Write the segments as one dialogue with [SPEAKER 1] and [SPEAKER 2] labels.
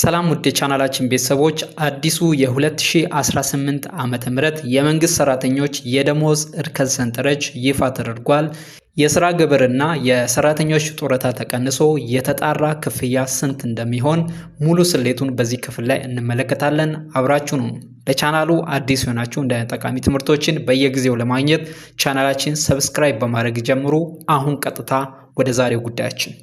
[SPEAKER 1] ሰላም ውድ ቻናላችን ቤተሰቦች፣ አዲሱ የ2018 ዓ ም የመንግስት ሰራተኞች የደሞዝ እርከን ሰንጠረዥ ይፋ ተደርጓል። የስራ ግብርና የሰራተኞች ጡረታ ተቀንሶ የተጣራ ክፍያ ስንት እንደሚሆን ሙሉ ስሌቱን በዚህ ክፍል ላይ እንመለከታለን። አብራችሁ ለቻናሉ አዲስ የሆናችሁ እንደ ጠቃሚ ትምህርቶችን በየጊዜው ለማግኘት ቻናላችን ሰብስክራይብ በማድረግ ጀምሩ። አሁን ቀጥታ ወደ ዛሬው ጉዳያችን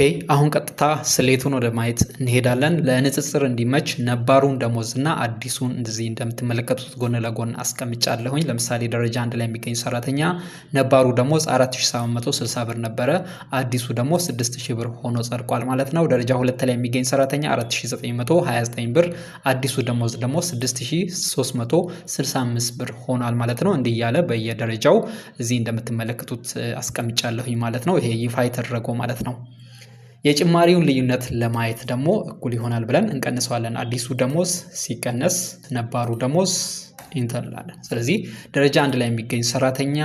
[SPEAKER 1] ኦኬ አሁን ቀጥታ ስሌቱን ወደ ማየት እንሄዳለን። ለንጽጽር እንዲመች ነባሩን ደሞዝ እና አዲሱን እንደዚህ እንደምትመለከቱት ጎን ለጎን አስቀምጫለሁኝ። ለምሳሌ ደረጃ አንድ ላይ የሚገኙ ሰራተኛ ነባሩ ደሞዝ 4760 ብር ነበረ፣ አዲሱ ደግሞ 6000 ብር ሆኖ ጸድቋል ማለት ነው። ደረጃ ሁለት ላይ የሚገኝ ሰራተኛ 4929 ብር፣ አዲሱ ደሞዝ ደግሞ 6365 ብር ሆኗል ማለት ነው። እንዲህ እያለ በየደረጃው እዚህ እንደምትመለከቱት አስቀምጫለሁኝ ማለት ነው። ይሄ ይፋ የተደረገው ማለት ነው። የጭማሪውን ልዩነት ለማየት ደግሞ እኩል ይሆናል ብለን እንቀንሰዋለን። አዲሱ ደሞዝ ሲቀነስ ነባሩ ደሞዝ ኢንተር እንላለን። ስለዚህ ደረጃ አንድ ላይ የሚገኝ ሰራተኛ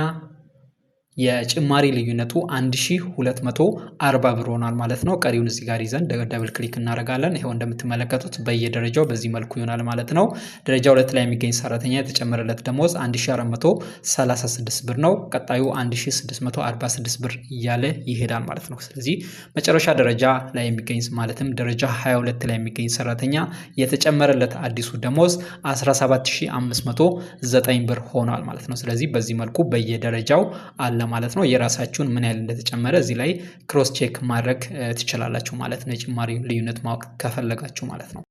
[SPEAKER 1] የጭማሪ ልዩነቱ 1240 ብር ሆኗል ማለት ነው። ቀሪውን እዚህ ጋር ይዘን ደብል ክሊክ እናደርጋለን። ይኸው እንደምትመለከቱት በየደረጃው በዚህ መልኩ ይሆናል ማለት ነው። ደረጃ ሁለት ላይ የሚገኝ ሰራተኛ የተጨመረለት ደሞዝ 1436 ብር ነው። ቀጣዩ 1646 ብር እያለ ይሄዳል ማለት ነው። ስለዚህ መጨረሻ ደረጃ ላይ የሚገኝ ማለትም ደረጃ 22 ላይ የሚገኝ ሰራተኛ የተጨመረለት አዲሱ ደሞዝ 17509 ብር ሆኗል ማለት ነው። ስለዚህ በዚህ መልኩ በየደረጃው አለ ማለት ነው። የራሳችሁን ምን ያህል እንደተጨመረ እዚህ ላይ ክሮስ ቼክ ማድረግ ትችላላችሁ ማለት ነው። የጭማሪ ልዩነት ማወቅ ከፈለጋችሁ ማለት ነው።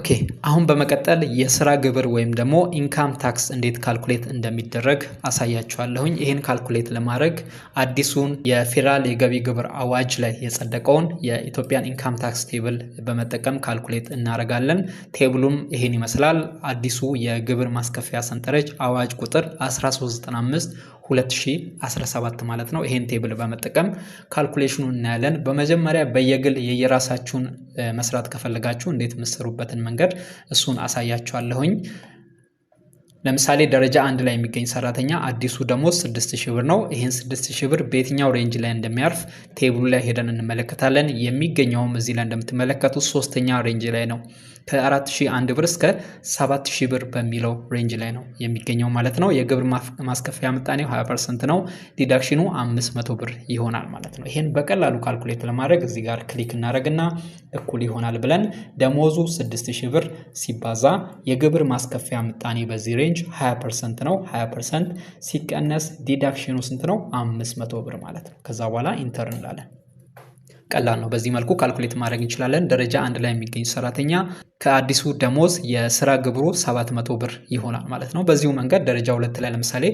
[SPEAKER 1] ኦኬ አሁን በመቀጠል የስራ ግብር ወይም ደግሞ ኢንካም ታክስ እንዴት ካልኩሌት እንደሚደረግ አሳያችኋለሁኝ። ይህን ካልኩሌት ለማድረግ አዲሱን የፌዴራል የገቢ ግብር አዋጅ ላይ የጸደቀውን የኢትዮጵያን ኢንካም ታክስ ቴብል በመጠቀም ካልኩሌት እናደርጋለን። ቴብሉም ይህን ይመስላል። አዲሱ የግብር ማስከፈያ ሰንጠረዥ አዋጅ ቁጥር 1395 2017 ማለት ነው። ይሄን ቴብል በመጠቀም ካልኩሌሽኑ እናያለን። በመጀመሪያ በየግል የየራሳችሁን መስራት ከፈለጋችሁ እንዴት የምትሰሩበትን መንገድ እሱን አሳያችኋለሁኝ። ለምሳሌ ደረጃ አንድ ላይ የሚገኝ ሰራተኛ አዲሱ ስድስት 6000 ብር ነው። ይህን 6000 ብር በየትኛው ሬንጅ ላይ እንደሚያርፍ ቴብሉ ላይ ሄደን እንመለከታለን። የሚገኘውም እዚህ ላይ እንደምትመለከቱት ሶስተኛ ሬንጅ ላይ ነው። ከ4001 ብር እስከ 7000 ብር በሚለው ሬንጅ ላይ ነው የሚገኘው ማለት ነው። የግብር ማስከፈያ ምጣኔው 20 ፐርሰንት ነው። ዲዳክሽኑ 500 ብር ይሆናል ማለት ነው። ይህን በቀላሉ ካልኩሌት ለማድረግ እዚህ ጋር ክሊክ እናደረግና እኩል ይሆናል ብለን ደሞዙ 6000 ብር ሲባዛ የግብር ማስከፈያ ምጣኔ በዚህ ሬንጅ 20 ፐርሰንት ነው። 20 ፐርሰንት ሲቀነስ ዲዳክሽኑ ስንት ነው? 500 ብር ማለት ነው። ከዛ በኋላ ኢንተር እንላለን። ቀላል ነው። በዚህ መልኩ ካልኩሌት ማድረግ እንችላለን። ደረጃ አንድ ላይ የሚገኝ ሰራተኛ ከአዲሱ ደሞዝ የስራ ግብሩ 700 ብር ይሆናል ማለት ነው። በዚሁ መንገድ ደረጃ ሁለት ላይ ለምሳሌ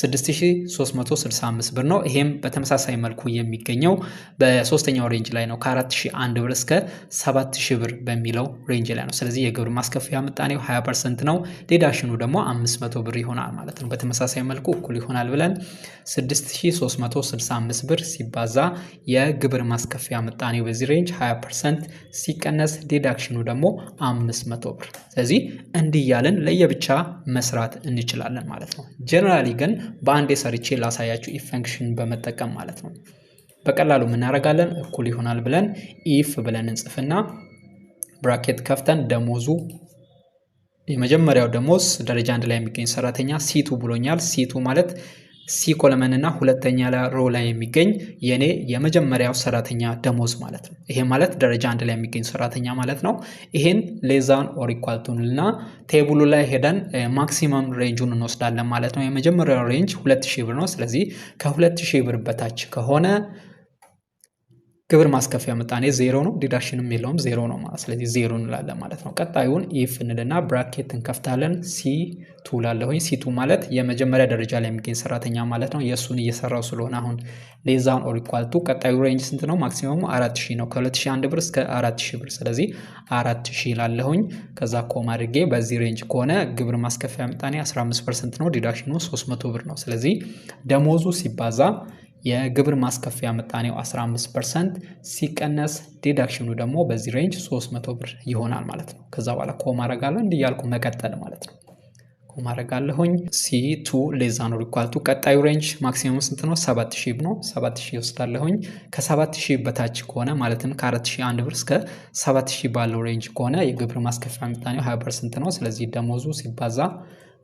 [SPEAKER 1] 6365 ብር ነው። ይሄም በተመሳሳይ መልኩ የሚገኘው በሶስተኛው ሬንጅ ላይ ነው። ከ4001 ብር እስከ 7000 ብር በሚለው ሬንጅ ላይ ነው። ስለዚህ የግብር ማስከፊያ ምጣኔው 20 ፐርሰንት ነው። ዴዳሽኑ ደግሞ 500 ብር ይሆናል ማለት ነው። በተመሳሳይ መልኩ እኩል ይሆናል ብለን 6365 ብር ሲባዛ የግብር ማስከፊያ ምጣኔው በዚህ ሬንጅ 20 ፐርሰንት ሲቀነስ ዲዳክሽኑ ደግሞ 500 ብር። ስለዚህ እንዲህ እያለን ለየብቻ መስራት እንችላለን ማለት ነው። ጀነራሊ ግን በአንዴ ሰርቼ ላሳያችሁ ኢፍ ፈንክሽን በመጠቀም ማለት ነው። በቀላሉ ምናደርጋለን እኩል ይሆናል ብለን ኢፍ ብለን እንጽፍና ብራኬት ከፍተን ደሞዙ የመጀመሪያው ደሞዝ ደረጃ አንድ ላይ የሚገኝ ሰራተኛ ሲቱ ብሎኛል። ሲቱ ማለት ሲ ኮለመን እና ሁለተኛ ሮ ላይ የሚገኝ የኔ የመጀመሪያው ሰራተኛ ደሞዝ ማለት ነው። ይሄ ማለት ደረጃ አንድ ላይ የሚገኝ ሰራተኛ ማለት ነው። ይሄን ሌዛን ኦር እና ቴብሉ ላይ ሄደን ማክሲመም ሬንጁን እንወስዳለን ማለት ነው። የመጀመሪያው ሬንጅ 2000 ብር ነው። ስለዚህ ከ2000 ብር በታች ከሆነ ግብር ማስከፊያ ምጣኔ ዜሮ ነው፣ ዲዳሽንም የለውም ዜሮ ነው ማለት ስለዚህ ዜሮ እንላለን ማለት ነው። ቀጣዩን ኢፍ እንልና ብራኬት እንከፍታለን። ሲ ቱ ላለሁኝ ሲ ቱ ማለት የመጀመሪያ ደረጃ ላይ የሚገኝ ሰራተኛ ማለት ነው። የእሱን እየሰራው ስለሆነ አሁን ሌዛን ኦር ኢኳል ቱ ቀጣዩ ሬንጅ ስንት ነው? ማክሲመሙ አራት ሺህ ነው ከ2001 ብር እስከ አራት ሺህ ብር። ስለዚህ አራት ሺህ ላለሁኝ ከዛ ኮም አድርጌ በዚህ ሬንጅ ከሆነ ግብር ማስከፊያ ምጣኔ 15 ፐርሰንት ነው፣ ዲዳሽኑ 300 ብር ነው። ስለዚህ ደሞዙ ሲባዛ የግብር ማስከፊያ ምጣኔው 15 ፐርሰንት ሲቀነስ ዲዳክሽኑ ደግሞ በዚህ ሬንጅ 300 ብር ይሆናል ማለት ነው። ከዛ በኋላ ኮማ አረጋለሁ እንዲህ እያልኩ መቀጠል ማለት ነው። ኮማ አረጋለሁኝ ሲ ቱ ሌዛ ነው ሪኳልቱ ቀጣዩ ሬንጅ ማክሲመም ስንት ነው? 7000 ነው። 7000 ይወስዳለሁኝ ከ ከ7000 በታች ከሆነ ማለትም ከ4001 ብር እስከ 7000 ባለው ሬንጅ ከሆነ የግብር ማስከፊያ ምጣኔው 20 ፐርሰንት ነው። ስለዚህ ደሞዙ ሲባዛ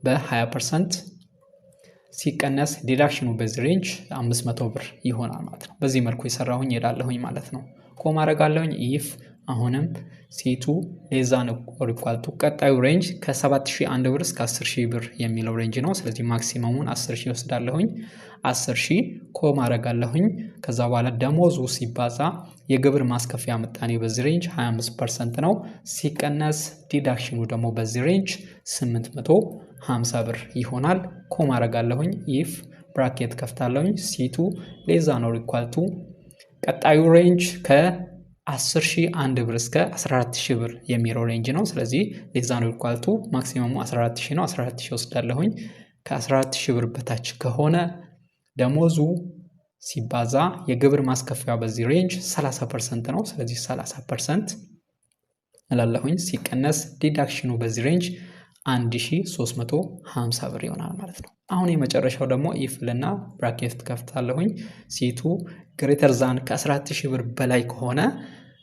[SPEAKER 1] በ20 ፐርሰንት ሲቀነስ ዲዳክሽኑ በዚህ ሬንጅ 500 ብር ይሆናል ማለት ነው። በዚህ መልኩ የሰራሁኝ ሄዳለሁኝ ማለት ነው። ኮም አረጋለሁኝ ኢፍ አሁንም ሴቱ ሌዛን ሪኳልቱ ቀጣዩ ሬንጅ ከ7001 ብር እስከ 10000 ብር የሚለው ሬንጅ ነው። ስለዚህ ማክሲመሙን 10000 ይወስዳለሁኝ። 10000 ኮም አረጋለሁኝ። ከዛ በኋላ ደሞዙ ሲባዛ የግብር ማስከፊያ ምጣኔ በዚህ ሬንጅ 25 ፐርሰንት ነው። ሲቀነስ ዲዳክሽኑ ደግሞ በዚህ ሬንጅ 800 50 ብር ይሆናል። ኮማ አረጋለሁኝ ኢፍ ብራኬት ከፍታለሁኝ ሲቱ ሌዛ ነው ቱ ቀጣዩ ሬንጅ ከ10 ሺህ 1 ብር እስከ 14 ሺህ ብር የሚለው ሬንጅ ነው። ስለዚህ ሌዛ ነው ቱ ማክሲመሙ 14 ነው። 14 ሺ ወስዳለሁኝ። ከ14 ሺ ብር በታች ከሆነ ደሞዙ ሲባዛ የግብር ማስከፈያ በዚህ ሬንጅ 30 ፐርሰንት ነው። ስለዚህ 30 ፐርሰንት እላለሁኝ ሲቀነስ ዲዳክሽኑ በዚህ ሬንጅ 1350 ብር ይሆናል ማለት ነው። አሁን የመጨረሻው ደግሞ ኢፍልና ብራኬት ከፍታለሁኝ ሲቱ ግሬተር ዛን ከ14000 ብር በላይ ከሆነ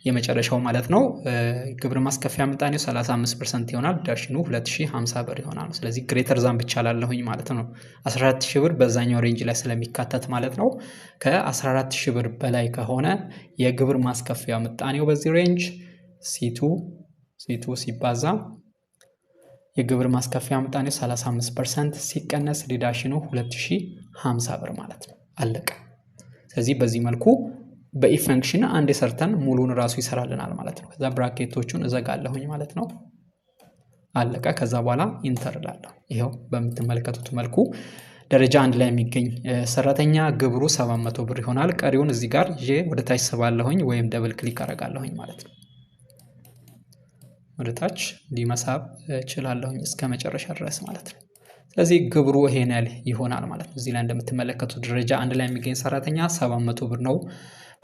[SPEAKER 1] የመጨረሻው ማለት ነው ግብር ማስከፊያ ምጣኔው 35 ፐርሰንት ይሆናል። ዳሽኑ 2050 ብር ይሆናል። ስለዚህ ግሬተር ዛን ብቻ ላለሁኝ ማለት ነው 14000 ብር በዛኛው ሬንጅ ላይ ስለሚካተት ማለት ነው። ከ14000 ብር በላይ ከሆነ የግብር ማስከፊያ ምጣኔው በዚህ ሬንጅ ሲቱ ሲቱ ሲባዛ የግብር ማስከፊያ ምጣኔ 35 ፐርሰንት ሲቀነስ ዲዳሽኑ 2050 ብር ማለት ነው። አለቀ። ስለዚህ በዚህ መልኩ በኢፈንክሽን አንድ የሰርተን ሙሉን ራሱ ይሰራልናል ማለት ነው። ከዛ ብራኬቶቹን እዘጋለሁኝ ማለት ነው። አለቀ። ከዛ በኋላ ኢንተር እላለሁ። ይኸው በምትመለከቱት መልኩ ደረጃ አንድ ላይ የሚገኝ ሰራተኛ ግብሩ 700 ብር ይሆናል። ቀሪውን እዚህ ጋር ይዤ ወደ ታች ስባለሁኝ ወይም ደብል ክሊክ አረጋለሁኝ ማለት ነው። ወደ ታች ሊመሳብ እችላለሁኝ እስከ መጨረሻ ድረስ ማለት ነው። ስለዚህ ግብሩ ይሄን ያህል ይሆናል ማለት ነው። እዚህ ላይ እንደምትመለከቱት ደረጃ አንድ ላይ የሚገኝ ሰራተኛ ሰባት መቶ ብር ነው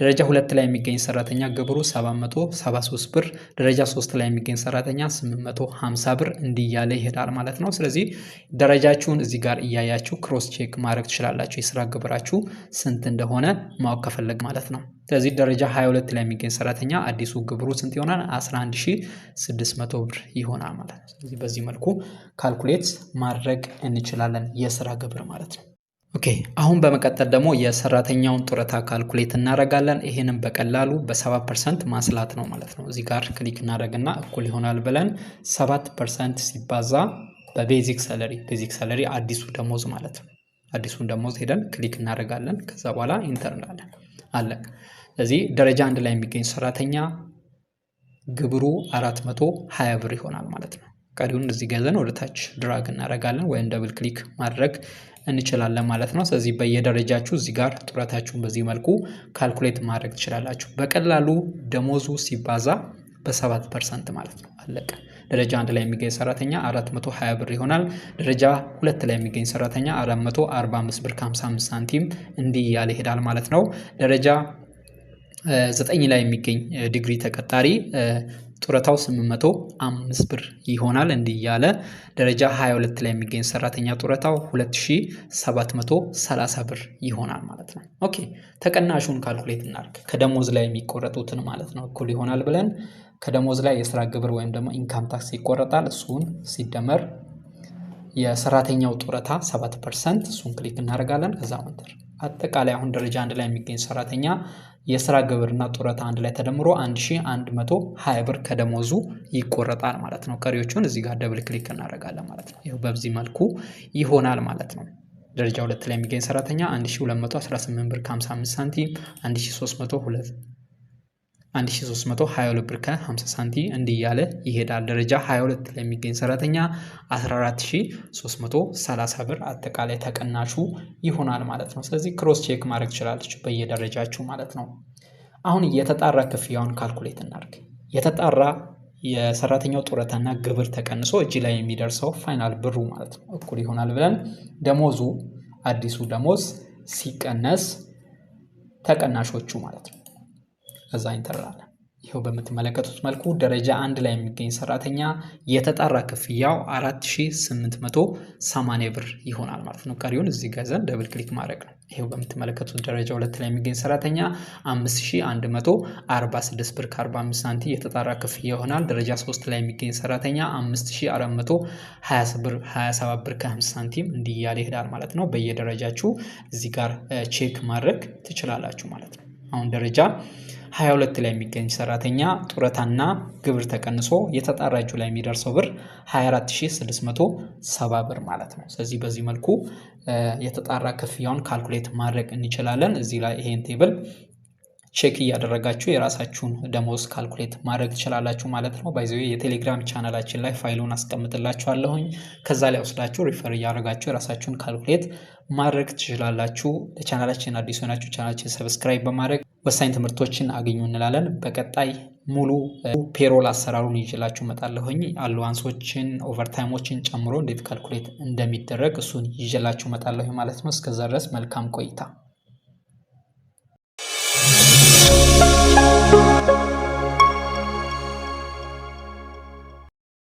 [SPEAKER 1] ደረጃ ሁለት ላይ የሚገኝ ሰራተኛ ግብሩ 773 ብር፣ ደረጃ ሶስት ላይ የሚገኝ ሰራተኛ 850 ብር እንዲያለ ይሄዳል ማለት ነው። ስለዚህ ደረጃችሁን እዚህ ጋር እያያችሁ ክሮስ ቼክ ማድረግ ትችላላችሁ። የስራ ግብራችሁ ስንት እንደሆነ ማወቅ ከፈለግ ማለት ነው። ስለዚህ ደረጃ 22 ላይ የሚገኝ ሰራተኛ አዲሱ ግብሩ ስንት ይሆናል? 11600 ብር ይሆናል ማለት ነው። ስለዚህ በዚህ መልኩ ካልኩሌት ማድረግ እንችላለን የስራ ግብር ማለት ነው። ኦኬ አሁን በመቀጠል ደግሞ የሰራተኛውን ጡረታ ካልኩሌት እናደርጋለን። ይሄንን በቀላሉ በ7 ፐርሰንት ማስላት ነው ማለት ነው። እዚህ ጋር ክሊክ እናደርግና እኩል ይሆናል ብለን 7 ፐርሰንት ሲባዛ በቤዚክ ሰለሪ፣ ቤዚክ ሰለሪ አዲሱ ደሞዝ ማለት ነው። አዲሱን ደሞዝ ሄደን ክሊክ እናደርጋለን። ከዛ በኋላ ኢንተር እንላለን። አለቀ። ስለዚህ ደረጃ አንድ ላይ የሚገኝ ሰራተኛ ግብሩ 420 ብር ይሆናል ማለት ነው። ቀሪውን እዚህ ገዘን ወደ ታች ድራግ እናደርጋለን ወይም ደብል ክሊክ ማድረግ እንችላለን ማለት ነው። ስለዚህ በየደረጃችሁ እዚህ ጋር ጡረታችሁን በዚህ መልኩ ካልኩሌት ማድረግ ትችላላችሁ። በቀላሉ ደሞዙ ሲባዛ በሰባት ፐርሰንት ማለት ነው። አለቀ። ደረጃ አንድ ላይ የሚገኝ ሰራተኛ 420 ብር ይሆናል። ደረጃ ሁለት ላይ የሚገኝ ሰራተኛ 445 ብር 55 ሳንቲም እንዲህ እያለ ይሄዳል ማለት ነው። ደረጃ ዘጠኝ ላይ የሚገኝ ዲግሪ ተቀጣሪ ጡረታው 805 ብር ይሆናል። እንዲህ እያለ ደረጃ 22 ላይ የሚገኝ ሰራተኛ ጡረታው 2730 ብር ይሆናል ማለት ነው። ኦኬ ተቀናሹን ካልኩሌት እናርግ። ከደሞዝ ላይ የሚቆረጡትን ማለት ነው እኩል ይሆናል ብለን ከደሞዝ ላይ የስራ ግብር ወይም ደግሞ ኢንካም ታክስ ይቆረጣል። እሱን ሲደመር የሰራተኛው ጡረታ 7 ፐርሰንት እሱን ክሊክ እናደርጋለን። ከዛ ወንተር አጠቃላይ አሁን ደረጃ አንድ ላይ የሚገኝ ሰራተኛ የስራ ግብርና ጡረታ አንድ ላይ ተደምሮ 1120 ብር ከደሞዙ ይቆረጣል ማለት ነው። ቀሪዎቹን እዚህ ጋር ደብል ክሊክ እናደርጋለን ማለት ነው። ይኸው በዚህ መልኩ ይሆናል ማለት ነው። ደረጃ ሁለት ላይ የሚገኝ ሰራተኛ 1218 ብር ከ55 ሳንቲም 1302 1322 ብር ከ50 ሳንቲ እንዲያለ ይሄዳል። ደረጃ 22 ለሚገኝ ሰራተኛ 14330 ብር አጠቃላይ ተቀናሹ ይሆናል ማለት ነው። ስለዚህ ክሮስ ቼክ ማድረግ ትችላለች በየደረጃችሁ ማለት ነው። አሁን የተጣራ ክፍያውን ካልኩሌት እናድርግ። የተጣራ የሰራተኛው ጡረታና ግብር ተቀንሶ እጅ ላይ የሚደርሰው ፋይናል ብሩ ማለት ነው እኩል ይሆናል ብለን ደሞዙ አዲሱ ደሞዝ ሲቀነስ ተቀናሾቹ ማለት ነው ከዛ ኢንተራለን ይኸው በምትመለከቱት መልኩ ደረጃ አንድ ላይ የሚገኝ ሰራተኛ የተጣራ ክፍያው 4880 ብር ይሆናል ማለት ነው። ቀሪውን እዚህ ገዘን ደብል ክሊክ ማድረግ ነው። ይኸው በምትመለከቱት ደረጃ ሁለት ላይ የሚገኝ ሰራተኛ 5146 ብር ከ45 ሳንቲ የተጣራ ክፍያ ይሆናል። ደረጃ 3 ላይ የሚገኝ ሰራተኛ 5427 ብር ከ50 ሳንቲም እንዲያለ ይሄዳል ማለት ነው። በየደረጃችሁ እዚህ ጋር ቼክ ማድረግ ትችላላችሁ ማለት ነው። አሁን ደረጃ 22 ላይ የሚገኝ ሰራተኛ ጡረታና ግብር ተቀንሶ የተጣራ ላይ የሚደርሰው ብር 24670 ብር ማለት ነው። ስለዚህ በዚህ መልኩ የተጣራ ክፍያውን ካልኩሌት ማድረግ እንችላለን። እዚህ ላይ ይሄን ቴብል ቼክ እያደረጋችሁ የራሳችሁን ደሞዝ ካልኩሌት ማድረግ ትችላላችሁ ማለት ነው። ባይዘ የቴሌግራም ቻናላችን ላይ ፋይሉን አስቀምጥላችኋለሁኝ ከዛ ላይ ወስዳችሁ ሪፈር እያደረጋችሁ የራሳችሁን ካልኩሌት ማድረግ ትችላላችሁ። ለቻናላችን አዲስ ሆናችሁ ቻናላችን ሰብስክራይብ በማድረግ ወሳኝ ትምህርቶችን አግኙ እንላለን። በቀጣይ ሙሉ ፔሮል አሰራሩን ይዤላችሁ እመጣለሁኝ። አልዋንሶችን ኦቨርታይሞችን ጨምሮ እንዴት ካልኩሌት እንደሚደረግ እሱን ይዤላችሁ እመጣለሁ ማለት ነው። እስከዛ ድረስ መልካም ቆይታ